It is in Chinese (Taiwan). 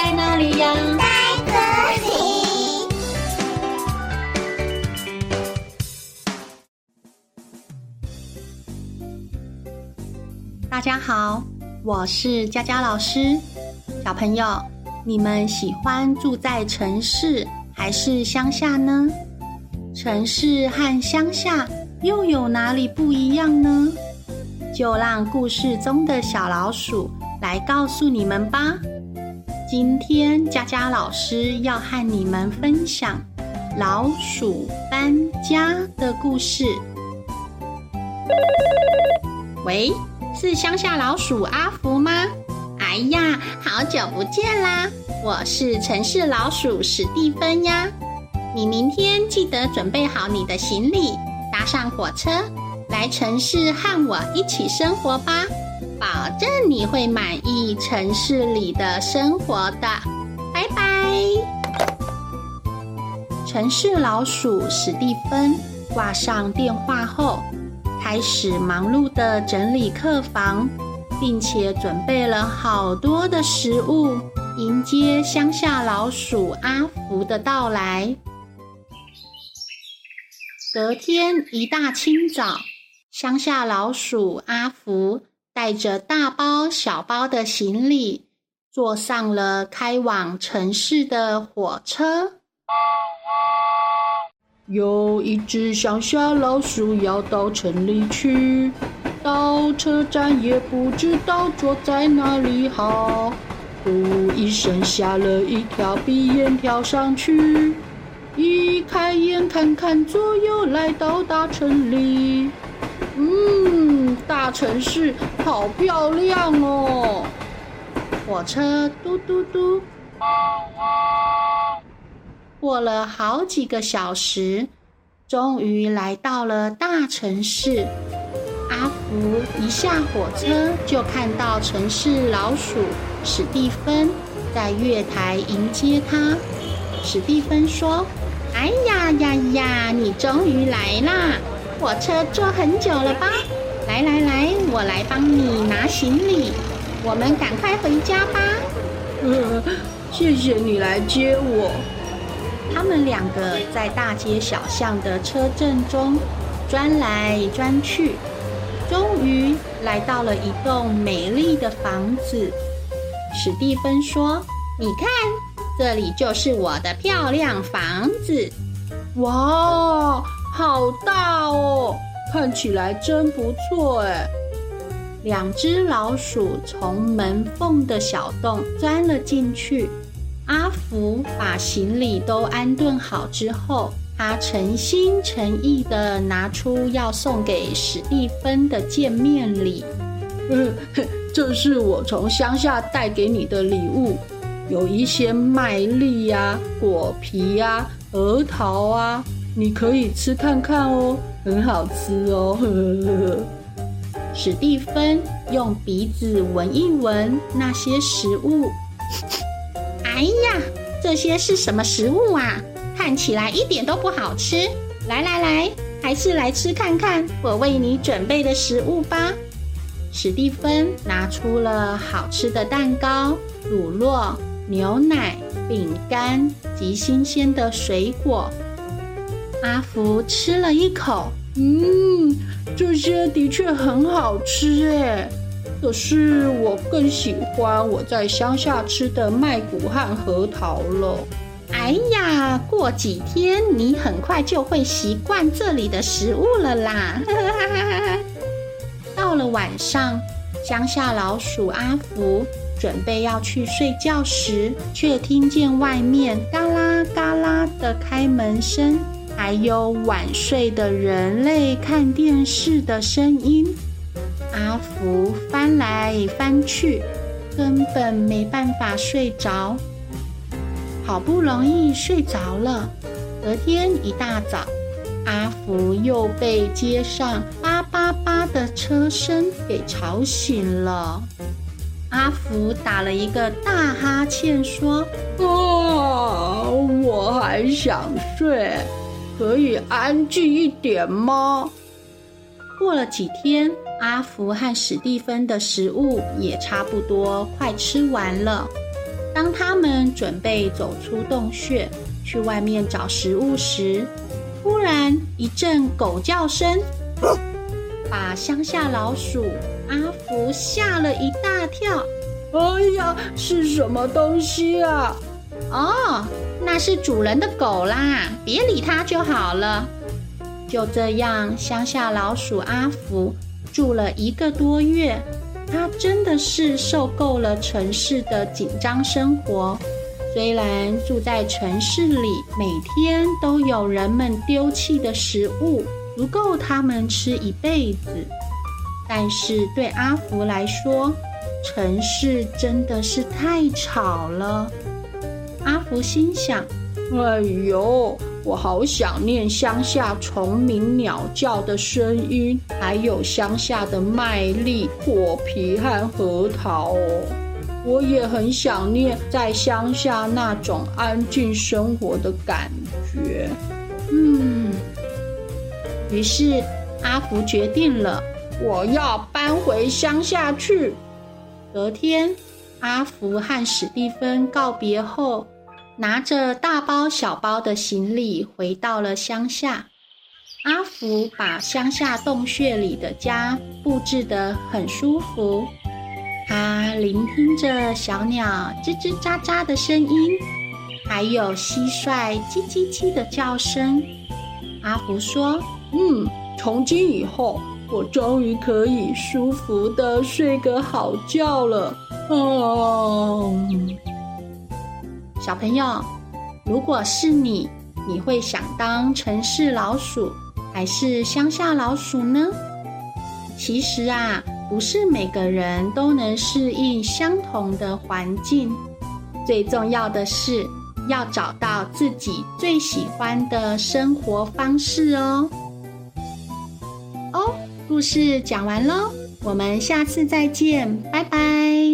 在哪裡呀？在這裡。大家好，我是佳佳老師。小朋友，你們喜歡住在城市還是鄉下呢？城市和鄉下又有哪裡不一樣呢？就讓故事中的小老鼠來告訴你們吧。今天佳佳老師要和你們分享老鼠搬家的故事。喂，是鄉下老鼠阿福嗎？哎呀，好久不見啦！我是城市老鼠史蒂芬呀。你明天記得準備好你的行李，搭上火車，來城市和我一起生活吧。保證你會滿意城市裡的生活的。拜拜。城市老鼠史蒂芬掛上電話後，開始忙碌的整理客房，並且準備了好多的食物迎接鄉下老鼠阿福的到來。隔天一大清早，鄉下老鼠阿福。帶着大包小包的行李，坐上了開往城市的火車。有一隻鄉下老鼠要到城裡去，到車站也不知道坐在哪裡好。呼一聲嚇了一跳，閉眼跳上去，一開眼看看左右，來到大城裡。嗯。大城市好漂亮哦！火車嘟嘟嘟，過了好幾個小時，終於來到了大城市。阿福一下火車就看到城市老鼠史蒂芬在月台迎接他。史蒂芬說：“哎呀呀呀，你終於來啦！火車坐很久了吧？”來來來，我來幫你拿行李，我們趕快回家吧。嗯，謝謝你來接我。他們兩個在大街小巷的車陣中鑽來鑽去，終於來到了一棟美麗的房子。史蒂芬說：“你看，這裡就是我的漂亮房子。”哇，好大哦！看起來真不錯哎、欸！兩隻老鼠從門縫的小洞鑽了進去。阿福把行李都安頓好之後，他誠心誠意地拿出要送給史蒂芬的見面禮。嗯，這是我從鄉下帶給你的禮物，有一些麥粒呀、果皮呀、啊。核桃啊，你可以吃看看哦，很好吃哦。 史蒂芬用鼻子聞一聞那些食物。哎呀，這些是什麼食物啊？看起來一點都不好吃。來來來，還是來吃看看我為你準備的食物吧。史蒂芬拿出了好吃的蛋糕、乳酪、牛奶。餅乾及新鮮的水果。阿福吃了一口，嗯，這些的確很好吃誒，可是我更喜歡我在鄉下吃的麥穀和核桃了。哎呀，過幾天你很快就會習慣這裡的食物了啦。 到了晚上，鄉下老鼠阿福。準備要去睡覺時，卻聽見外面嘎啦嘎啦的開門聲，還有晚睡的人類看電視的聲音。阿福翻來翻去，根本沒辦法睡着。好不容易睡着了，隔天一大早，阿福又被街上叭叭叭的車聲給吵醒了。阿福打了一個大哈欠，說：“啊、哦，我還想睡，可以安靜一點嗎？”過了幾天，阿福和史蒂芬的食物也差不多快吃完了。當他們準備走出洞穴去外面找食物時，突然一陣狗叫聲，呵把鄉下老鼠。阿福嚇了一大跳，哎呀，是什麼東西啊？哦，那是主人的狗啦，別理它就好了。就這樣，鄉下老鼠阿福住了一個多月，他真的是受夠了城市的緊張生活。雖然住在城市裡，每天都有人們丟棄的食物，足夠他們吃一輩子。但是對阿福來說，城市真的是太吵了。阿福心想：“哎呦，我好想念鄉下蟲鳴鳥叫的聲音，還有鄉下的麥粒、果皮和核桃哦。我也很想念在鄉下那種安靜生活的感覺。”嗯。於是阿福決定了。我要搬回鄉下去。隔天，阿福和史蒂芬告別後，拿着大包小包的行李回到了鄉下。阿福把鄉下洞穴裡的家布置得很舒服，他聆聽着小鳥吱吱喳喳的聲音，還有蟋蟀嘰嘰嘰的叫聲。阿福說：“嗯，從今以後。”我終於可以舒服地睡個好覺了，哦、uh、小朋友，如果是你，你會想當城市老鼠還是鄉下老鼠呢？其實啊，不是每個人都能適應相同的環境，最重要的是要找到自己最喜歡的生活方式哦。故事講完嘍，我們下次再見，拜拜。